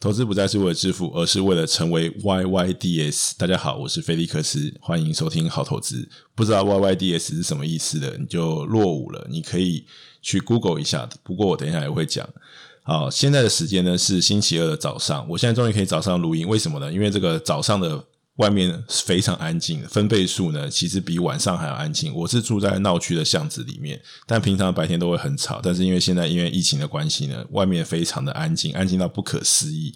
投資不再是為了致富，而是為了成為 YYDS。大家好，我是菲力克斯，歡迎收聽好投資。不知道 YYDS 是什麼意思的，你就落伍了。你可以去 Google 一下，不過我等一下也會講。好，現在的時間呢是星期二的早上，我現在終於可以早上錄音。為什麼呢？因為這個早上的。外面非常安靜，分貝數呢其實比晚上還要安靜。我是住在鬧區的巷子裡面，但平常白天都會很吵。但是因為現在因為疫情的關係呢，外面非常的安靜，安靜到不可思議，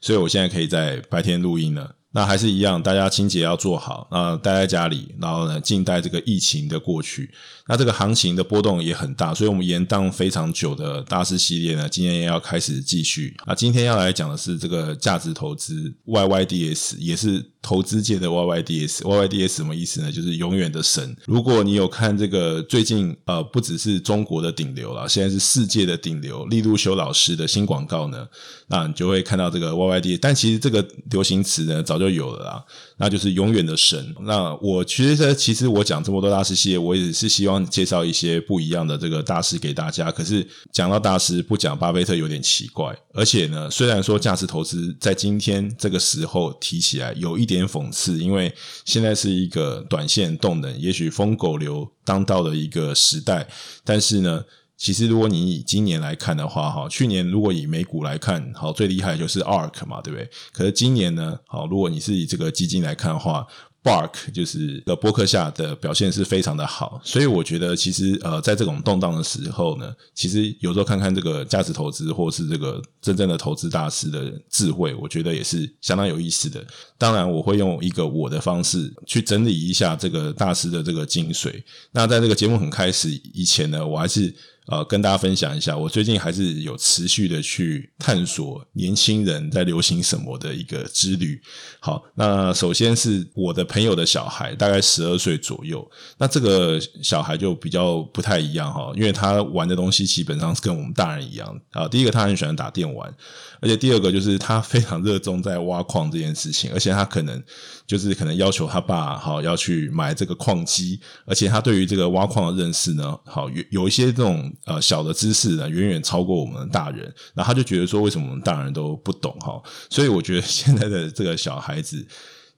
所以我現在可以在白天錄音呢。那還是一樣，大家清潔要做好那、呃、待在家裡，然後呢，靜待這個疫情的過去。那這個行情的波動也很大，所以我們延宕非常久的大師系列呢，今天也要開始繼續啊。今天要來講的是這個價值投資 YYDS，也是投資界的 YYDS。YYDS 什麼意思呢？就是永遠的神。如果你有看這個最近呃，不只是中國的頂流了，現在是世界的頂流，利路修老師的新廣告呢，那你就會看到這個 YYDS，但其實這個流行詞呢，早，就有了啦，那就是永遠的神。那我其實在其實我講這麼多大師系列，我也是希望介紹一些不一樣的這個大師給大家。可是講到大師，不講巴菲特有點奇怪。而且呢，雖然說價值投資在今天這個時候提起來有一點諷刺，因為現在是一個短線動能、也許瘋狗流當道的一個時代。但是呢。其實，如果你以今年來看的話，哈，去年如果以美股來看，好，最厲害就是 ARK 嘛，對不對？可是今年呢，好，如果你是以這個基金來看的話，BRK 就是呃波克夏的表現是非常的好，所以我覺得其實呃，在這種動盪的時候呢，其實有時候看看這個價值投資或是這個真正的投資大師的智慧，我覺得也是相當有意思的。當然，我會用一個我的方式去整理一下這個大師的這個精髓。那在這個節目很開始以前呢，我還是。呃，跟大家分享一下，我最近還是有持續的去探索年輕人在流行什麼的一個之旅。好，那首先是我的朋友的小孩，大概十二歲左右。那這個小孩就比較不太一樣哈，因為他玩的東西基本上是跟我們大人一樣啊。第一個，他很喜歡打電玩，而且第二個就是他非常熱衷在挖礦這件事情，而且他可能就是可能要求他爸哈要去買這個礦機，而且他對於這個挖礦的認識呢，好，有有一些這種。呃，小的知識呢遠遠超過我們的大人，然後他就覺得說，為什麼我們大人都不懂哈？所以我覺得現在的這個小孩子，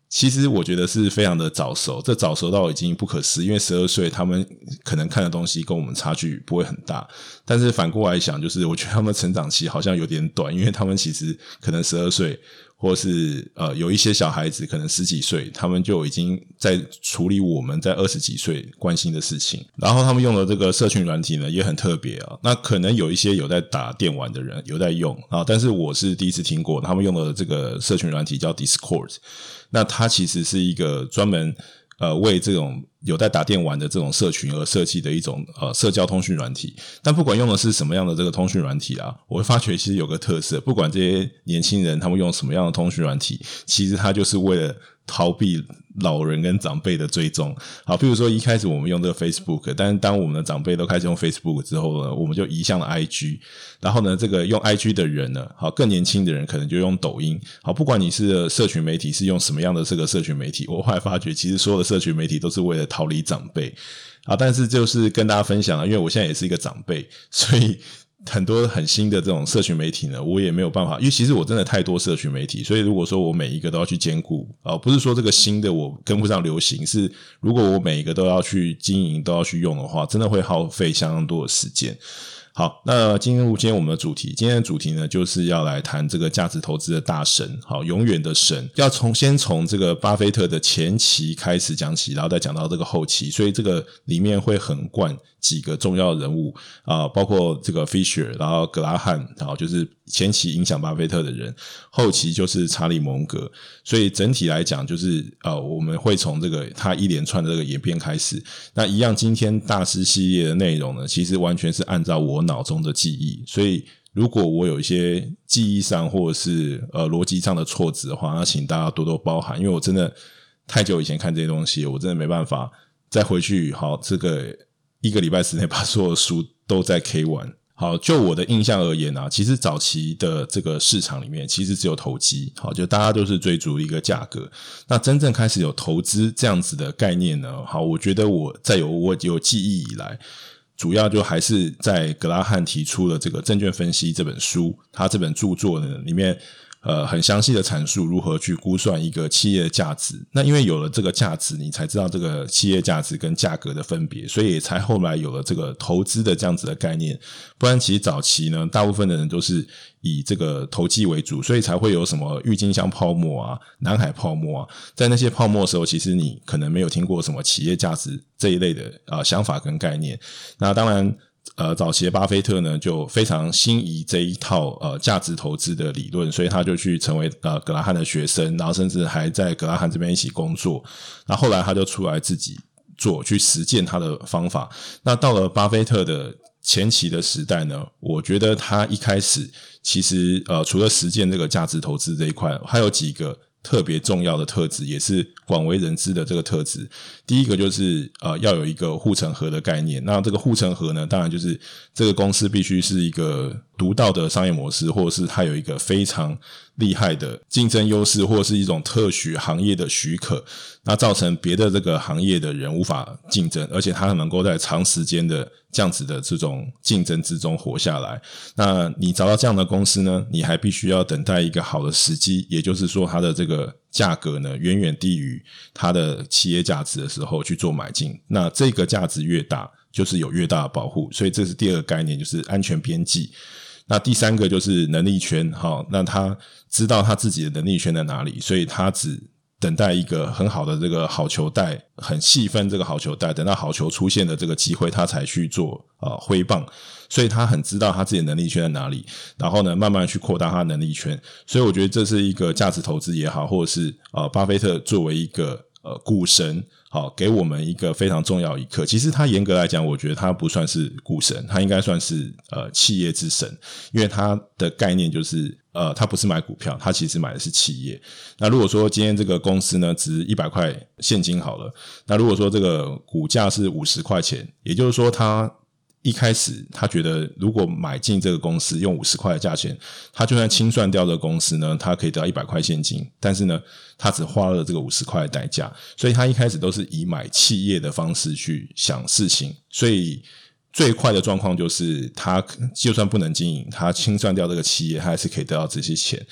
其實我覺得是非常的早熟，這早熟到已經不可思議。因為十二歲，他們可能看的東西跟我們差距不會很大，但是反過來想，就是我覺得他們成長期好像有點短，因為他們其實可能十二歲。或是呃，有一些小孩子可能十幾歲，他們就已經在處理我們在二十幾歲關心的事情。然後他們用的這個社群軟體呢，也很特別啊、哦。那可能有一些有在打電玩的人有在用啊、哦，但是我是第一次聽過他們用的這個社群軟體叫 Discord，那它其實是一個專門。呃，為這種有在打電玩的這種社群而設計的一種呃社交通訊軟體。但不管用的是什麼樣的這個通訊軟體啊，我會發覺其實有個特色，不管這些年輕人他們用什麼樣的通訊軟體，其實他就是為了。逃避老人跟長輩的追蹤，好，譬如說一開始我們用這個 Facebook，但當我們的長輩都開始用 Facebook 之後呢，我們就移向了 IG，然後呢，這個用 IG 的人呢，好，更年輕的人可能就用抖音，好，不管你是社群媒體是用什麼樣的這個社群媒體，我後來發覺其實所有的社群媒體都是為了逃離長輩，啊，但是就是跟大家分享啊，因為我現在也是一個長輩，所以。很多很新的這種社群媒體呢，我也沒有辦法，因為其實我真的太多社群媒體，所以如果說我每一個都要去兼顧，啊，不是說這個新的我跟不上流行，是如果我每一個都要去經營，都要去用的話，真的會耗費相當多的時間。好，那進入今天我們的主題。今天的主題呢，就是要來談這個價值投資的大神，好，永遠的神。要從先從這個巴菲特的前期開始講起，然後再講到這個後期，所以這個裡面會橫貫幾個重要的人物啊、呃，包括這個 Fisher 然後格拉漢，然後就是前期影響巴菲特的人，後期就是查理蒙格。所以整體來講，就是呃，我們會從這個他一連串的這個演變開始。那一樣，今天大師系列的內容呢，其實完全是按照我腦中的記憶，所以如果我有一些記憶上或者是呃邏輯上的錯字的話，那請大家多多包涵，因為我真的太久以前看這些東西，我真的沒辦法再回去。好，這個一個禮拜之內把所有書都在 K 完。好，就我的印象而言啊，其實早期的這個市場裡面，其實只有投機。好，就大家都是追逐一個價格。那真正開始有投資這樣子的概念呢？好，我覺得我在有我有記憶以來。主要就還是在格拉漢提出的這個《證券分析》這本書，他這本著作呢，裡面。呃，很詳細的闡述如何去估算一個企業的價值。那因為有了這個價值，你才知道這個企業價值跟價格的分別，所以才後來有了這個投資的這樣子的概念。不然，其實早期呢，大部分的人都是以這個投機為主，所以才會有什麼鬱金香泡沫啊、南海泡沫啊。在那些泡沫的時候，其實你可能沒有聽過什麼企業價值這一類的啊、呃、想法跟概念。那當然。呃，早期的巴菲特呢，就非常心儀這一套呃價值投資的理論，所以他就去成為呃葛拉漢的學生，然後甚至還在葛拉漢這邊一起工作。那後，後來他就出來自己做，去實踐他的方法。那到了巴菲特的前期的時代呢，我覺得他一開始其實呃，除了實踐這個價值投資這一塊，還有幾個。特別重要的特質，也是廣為人知的這個特質。第一個就是，呃，要有一個護城河的概念。那這個護城河呢，當然就是這個公司必須是一個，獨到的商業模式，或者是它有一個非常厲害的競爭優勢，或者是一種特許行業的許可，那造成別的這個行業的人無法競爭，而且它還能夠在長時間的這樣子的這種競爭之中活下來。那你找到這樣的公司呢，你還必須要等待一個好的時機，也就是說，它的這個。價格呢遠遠低於它的企業價值的時候去做買進，那這個價值越大，就是有越大的保護，所以這是第二個概念，就是安全邊際。那第三個就是能力圈，哈、哦，那他知道他自己的能力圈在哪裡，所以他只。等待一個很好的這個好球帶，很細分這個好球帶，等到好球出現的這個機會，他才去做呃揮棒，所以他很知道他自己的能力圈在哪裡，然後呢慢慢去擴大他的能力圈，所以我覺得這是一個價值投資也好，或者是呃巴菲特作為一個呃股神。股神好，給我們一個非常重要一刻。其實它嚴格來講，我覺得它不算是股神，它應該算是呃企業之神，因為它的概念就是呃，它不是買股票，它其實買的是企業。那如果說今天這個公司呢值一百塊現金好了，那如果說這個股價是五十塊錢，也就是說它。一開始他覺得，如果買進這個公司用五十塊的價錢，他就算清算掉這個公司呢，他可以得到一百塊現金。但是呢，他只花了這個五十塊的代價，所以他一開始都是以買企業的方式去想事情。所以最快的狀況就是，他就算不能經營，他清算掉這個企業，他還是可以得到這些錢。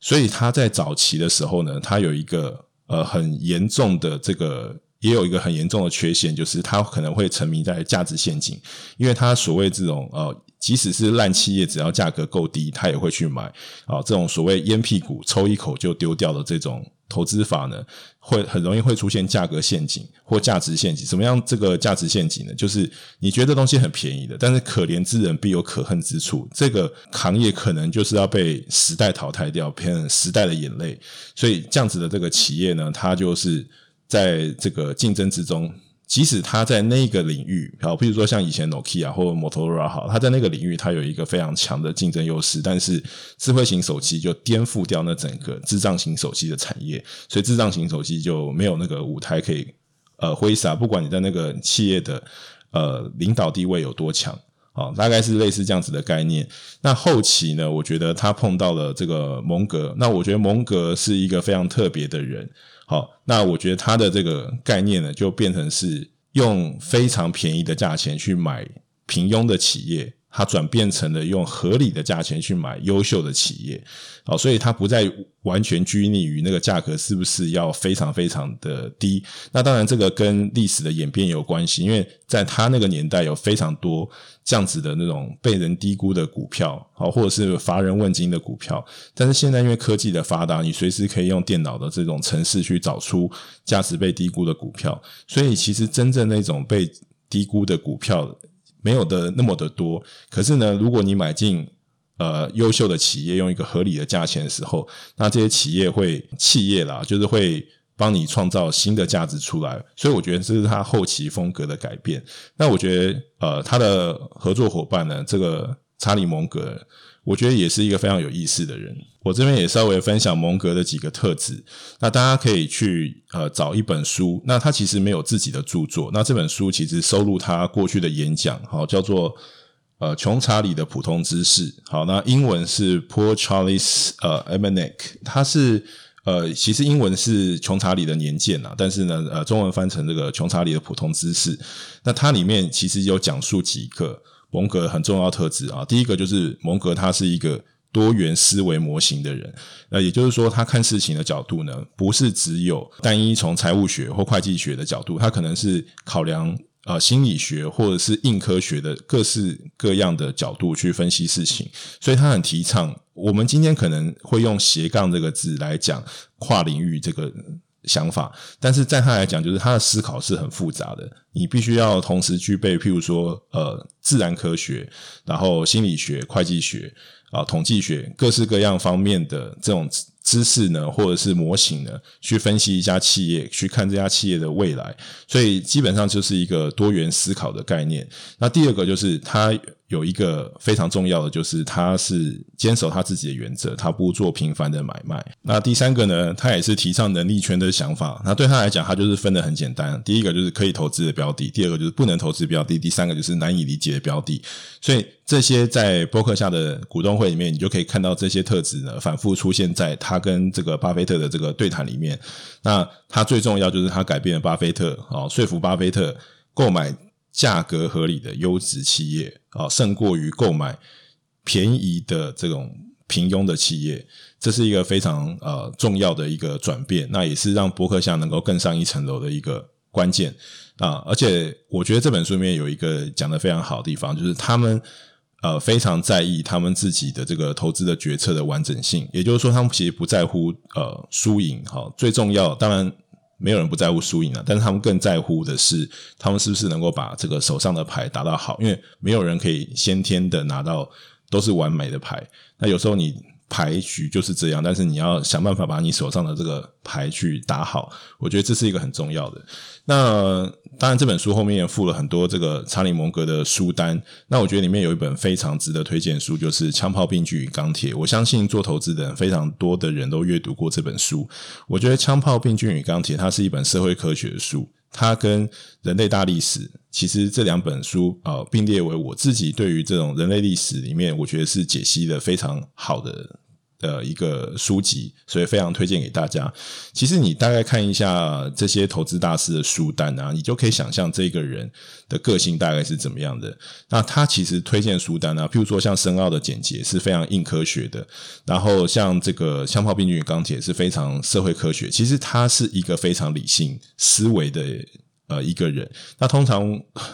所以他在早期的時候呢，他有一個呃很嚴重的這個。也有一個很嚴重的缺陷，就是他可能會沉迷在價值陷阱，因為他所謂這種呃，即使是爛企業，只要價格夠低，他也會去買啊。這種所謂煙屁股，抽一口就丟掉的這種投資法呢，會很容易會出現價格陷阱或價值陷阱。怎麼樣？這個價值陷阱呢？就是你覺得東西很便宜的，但是可憐之人必有可恨之處，這個行業可能就是要被時代淘汰掉，變成時代的眼淚。所以這樣子的這個企業呢，它就是。在這個競爭之中，即使他在那個領域，好，比如說像以前 Nokia 或者 Motorola 好，他在那個領域他有一個非常強的競爭優勢，但是智慧型手機就顛覆掉那整個智障型手機的產業，所以智障型手機就沒有那個舞台可以呃揮灑。不管你在那個企業的呃領導地位有多強，哦，大概是類似這樣子的概念。那後期呢，我覺得他碰到了這個蒙格，那我覺得蒙格是一個非常特別的人。好，那我覺得他的這個概念呢，就變成是用非常便宜的價錢去買平庸的企業。它轉變成了用合理的價錢去買優秀的企業，好，所以它不再完全拘泥於那個價格是不是要非常非常的低。那當然，這個跟歷史的演變有關係，因為在他那個年代，有非常多這樣子的那種被人低估的股票，好，或者是乏人問津的股票。但是現在，因為科技的發達，你隨時可以用電腦的這種程式去找出價值被低估的股票，所以其實真正那種被低估的股票。沒有的那麼的多，可是呢，如果你買進呃優秀的企業，用一個合理的價錢的時候，那這些企業會企業啦，就是會幫你創造新的價值出來。所以我覺得這是他後期風格的改變。那我覺得呃他的合作夥伴呢，這個。查理·蒙格，我覺得也是一個非常有意思的人。我這邊也稍微分享蒙格的幾個特質，那大家可以去呃找一本書。那他其實沒有自己的著作，那這本書其實收錄他過去的演講，好叫做呃《窮查理的普通知識》。好，那英文是 Poor Charlie's，呃《Poor Charlie's》Almanack 他是呃，其實英文是《窮查理的年鑑》吶，但是呢，呃，中文翻成這個《窮查理的普通知識》。那它裡面其實有講述幾個。蒙格很重要的特質啊，第一個就是蒙格他是一個多元思維模型的人，那也就是說他看事情的角度呢，不是只有單一從財務學或會計學的角度，他可能是考量啊、呃、心理學或者是硬科學的各式各樣的角度去分析事情，所以他很提倡，我們今天可能會用斜槓這個字來講跨領域這個。想法，但是在他來講，就是他的思考是很複雜的。你必須要同時具備，譬如說，呃，自然科學，然後心理學、會計學。啊，統計學各式各樣方面的這種知識呢，或者是模型呢，去分析一家企業，去看這家企業的未來。所以基本上就是一個多元思考的概念。那第二個就是他有一個非常重要的，就是他是堅守他自己的原則，他不做頻繁的買賣。那第三個呢，他也是提倡能力圈的想法。那對他來講，他就是分得很簡單，第一個就是可以投資的標的，第二個就是不能投資標的，第三個就是難以理解的標的。所以。這些在伯克夏的股東會裡面，你就可以看到這些特質呢，反覆出現在他跟這個巴菲特的這個對談裡面。那他最重要就是他改變了巴菲特啊，說服巴菲特購買價格合理的優質企業啊，勝過於購買便宜的這種平庸的企業，這是一個非常呃重要的一個轉變。那也是讓伯克夏能夠更上一層樓的一個關鍵啊。而且我覺得這本書裡面有一個講得非常好的地方，就是他們。呃，非常在意他們自己的這個投資的決策的完整性，也就是說，他們其實不在乎呃輸贏哈。最重要，當然沒有人不在乎輸贏了啊。但是他們更在乎的是，他們是不是能夠把這個手上的牌打到好，因為沒有人可以先天的拿到都是完美的牌。那有時候你牌局就是這樣，但是你要想辦法把你手上的這個牌去打好，我覺得這是一個很重要的。那當然，這本書後面也附了很多這個查理·蒙格的書單。那我覺得裡面有一本非常值得推薦書，就是《槍炮、病菌與鋼鐵》。我相信做投資的人非常多的人都閱讀過這本書。我覺得《槍炮、病菌與鋼鐵》它是一本社會科學的書，它跟《人類大歷史》其實這兩本書啊，呃，並列為我自己對於這種人類歷史裡面，我覺得是解析的非常好的。的、呃、一個書籍，所以非常推薦給大家。其實你大概看一下這些投資大師的書單啊，你就可以想象這個人的個性大概是怎麼樣的。那他其實推薦書單啊，譬如說像《深奧的簡潔》是非常硬科學的，然後像這個《槍炮病菌與鋼鐵》是非常社會科學。其實他是一個非常理性思維的呃一個人。那通常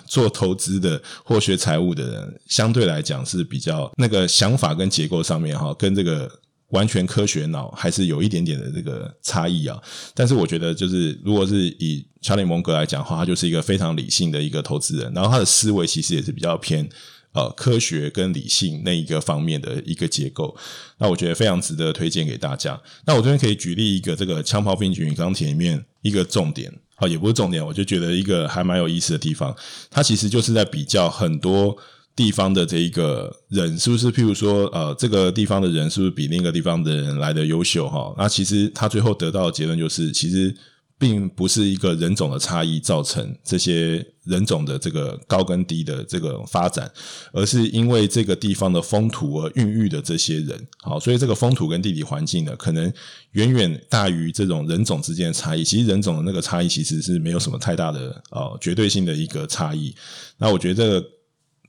做投資的或學財務的人，相對來講是比較那個想法跟結構上面哈，跟這個。完全科學腦還是有一點點的這個差異啊，但是我覺得就是如果是以查理蒙格來講的話，他就是一個非常理性的一個投資人，然後他的思維其實也是比較偏呃科學跟理性那一個方面的一個結構，那我覺得非常值得推薦給大家。那我這邊可以舉例一個這個《槍炮、病菌與鋼鐵》裡面一個重點，好、哦，也不是重點，我就覺得一個還蠻有意思的地方，他其實就是在比較很多。地方的這一個人是不是，譬如說，呃，這個地方的人是不是比另一個地方的人來得優秀？哈、哦，那其實他最後得到的結論就是，其實並不是一個人種的差異造成這些人種的這個高跟低的這個發展，而是因為這個地方的風土而孕育的這些人。好、哦，所以這個風土跟地理環境呢，可能遠遠大於這種人種之間的差異。其實人種的那個差異其實是沒有什麼太大的，呃、哦，絕對性的一個差異。那我覺得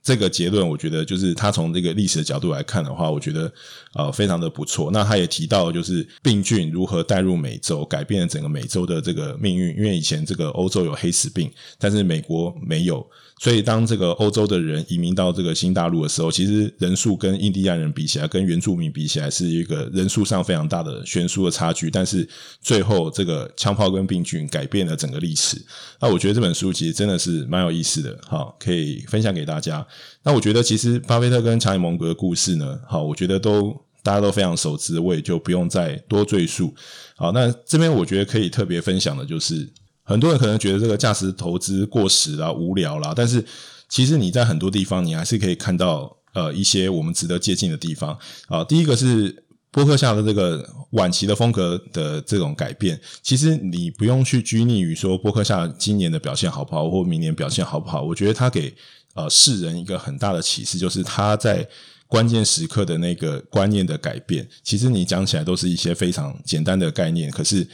這個結論，我覺得就是他從這個歷史的角度來看的話，我覺得呃非常的不錯。那他也提到，就是病菌如何帶入美洲，改變了整個美洲的這個命運。因為以前這個歐洲有黑死病，但是美國沒有，所以當這個歐洲的人移民到這個新大陸的時候，其實人數跟印第安人比起來，跟原住民比起來是一個人數上非常大的懸殊的差距。但是最後，這個槍炮跟病菌改變了整個歷史。那我覺得這本書其實真的是蠻有意思的，好，可以分享給大家。那我覺得，其實巴菲特跟查理·蒙格的故事呢，好，我覺得都大家都非常熟知，我也就不用再多贅述。好，那這邊我覺得可以特別分享的就是，很多人可能覺得這個價值投資過時啦、無聊啦，但是其實你在很多地方你還是可以看到呃一些我們值得借鑑的地方啊。第一個是波克夏的這個晚期的風格的這種改變，其實你不用去拘泥於說波克夏今年的表現好不好，或明年表現好不好，我覺得他給。呃，世人一個很大的啟示就是，他在關鍵時刻的那個觀念的改變，其實你講起來都是一些非常簡單的概念。可是，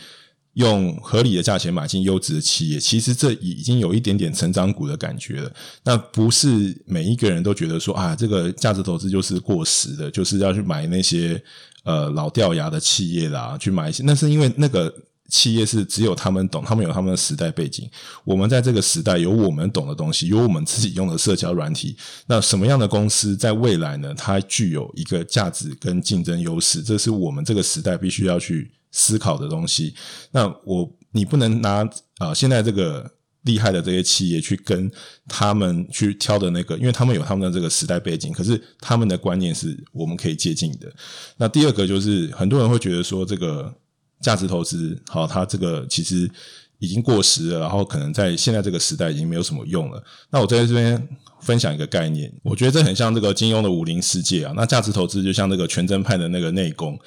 用合理的價錢買進優質的企業，其實這已經有一點點成長股的感覺了。那不是每一個人都覺得說啊，這個價值投資就是過時的，就是要去買那些呃老掉牙的企業啦，去買一些。那是因為那個。企業是只有他們懂，他們有他們的時代背景。我們在這個時代有我們懂的東西，有我們自己用的社交軟體。那什麼樣的公司在未來呢？它具有一個價值跟競爭優勢，這是我們這個時代必須要去思考的東西。那我你不能拿啊，呃，現在這個厲害的這些企業去跟他們去挑的那個，因為他們有他們的這個時代背景，可是他們的觀念是我們可以接近的。那第二個就是很多人會覺得說這個。價值投資，好，它這個其實已經過時了，然後可能在現在這個時代已經沒有什麼用了。那我在這邊分享一個概念，我覺得這很像這個金庸的武林世界啊。那價值投資就像那個全真派的那個內功。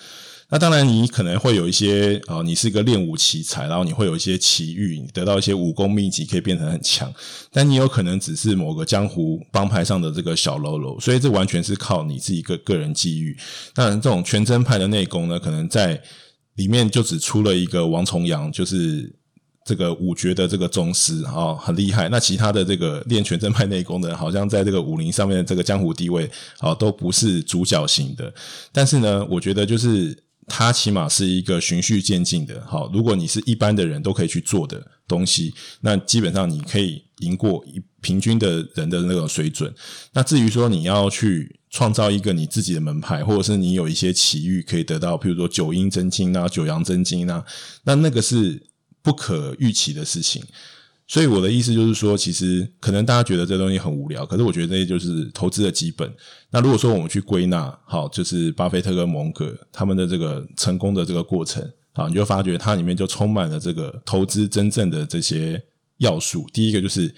那當然，你可能會有一些，啊、哦，你是一個練武奇才，然後你會有一些奇遇，你得到一些武功秘籍，可以變成很強。但你有可能只是某個江湖幫派上的這個小嘍囉，所以這完全是靠你自己個個人機遇。當然這種全真派的內功呢，可能在裡面就只出了一個王重陽，就是這個五絕的這個宗師啊，很厲害。那其他的這個練全真派內功的人，好像在這個武林上面的這個江湖地位啊，都不是主角型的。但是呢，我覺得就是他起碼是一個循序漸進的，好，如果你是一般的人都可以去做的東西，那基本上你可以贏過一。平均的人的那種水準，那至於說你要去創造一個你自己的門派，或者是你有一些奇遇可以得到，譬如說九陰真經啊、九陽真經啊，那那個是不可預期的事情。所以我的意思就是說，其實可能大家覺得這東西很無聊，可是我覺得這些就是投資的基本。那如果說我們去歸納，好，就是巴菲特跟蒙格他們的這個成功的這個過程，好，你就發覺它裡面就充滿了這個投資真正的這些要素。第一個就是。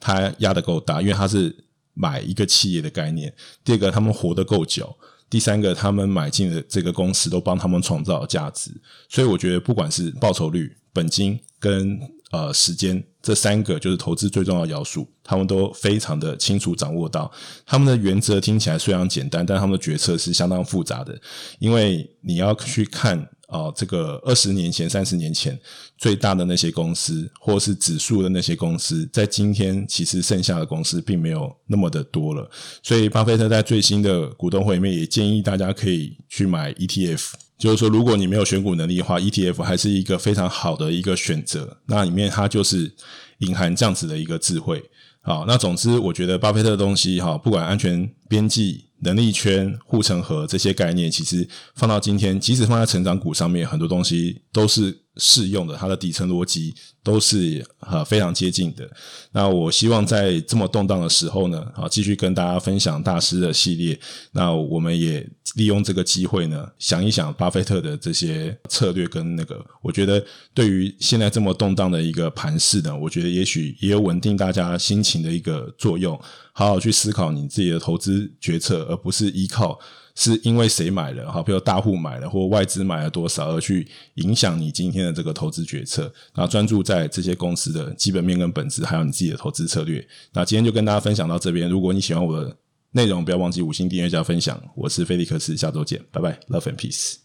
他押得夠大，因為他是買一個企業的概念。第二個，他們活得夠久。第三個，他們買進的這個公司都幫他們創造價值。所以我覺得，不管是報酬率、本金跟呃時間。這三個就是投資最重要的要素，他們都非常的清楚掌握到。他們的原則聽起來雖然簡單，但他們的決策是相當複雜的。因為你要去看啊、呃，這個二十年前、三十年前最大的那些公司，或是指數的那些公司，在今天其實剩下的公司並沒有那麼的多了。所以，巴菲特在最新的股東會裡面也建議大家可以去買 ETF。就是說，如果你沒有選股能力的話，ETF 還是一個非常好的一個選擇。那裡面它就是隱含這樣子的一個智慧。好，那總之我覺得巴菲特的東西哈，不管安全邊際、能力圈、護城河這些概念，其實放到今天，即使放在成長股上面，很多東西都是，適用的，它的底層邏輯都是啊非常接近的。那我希望在這麼動盪的時候呢，啊繼續跟大家分享大師的系列。那我們也利用這個機會呢，想一想巴菲特的這些策略跟那個，我覺得對於現在這麼動盪的一個盤勢呢，我覺得也許也有穩定大家心情的一個作用。好好去思考你自己的投資決策，而不是依靠。是因為誰買了哈？比如大戶買了或外資買了多少，而去影響你今天的這個投資決策。那專注在這些公司的基本面跟本質，還有你自己的投資策略。那今天就跟大家分享到這邊。如果你喜歡我的內容，不要忘記五星訂閱加分享。我是菲力克斯，下週見，拜拜，Love and Peace。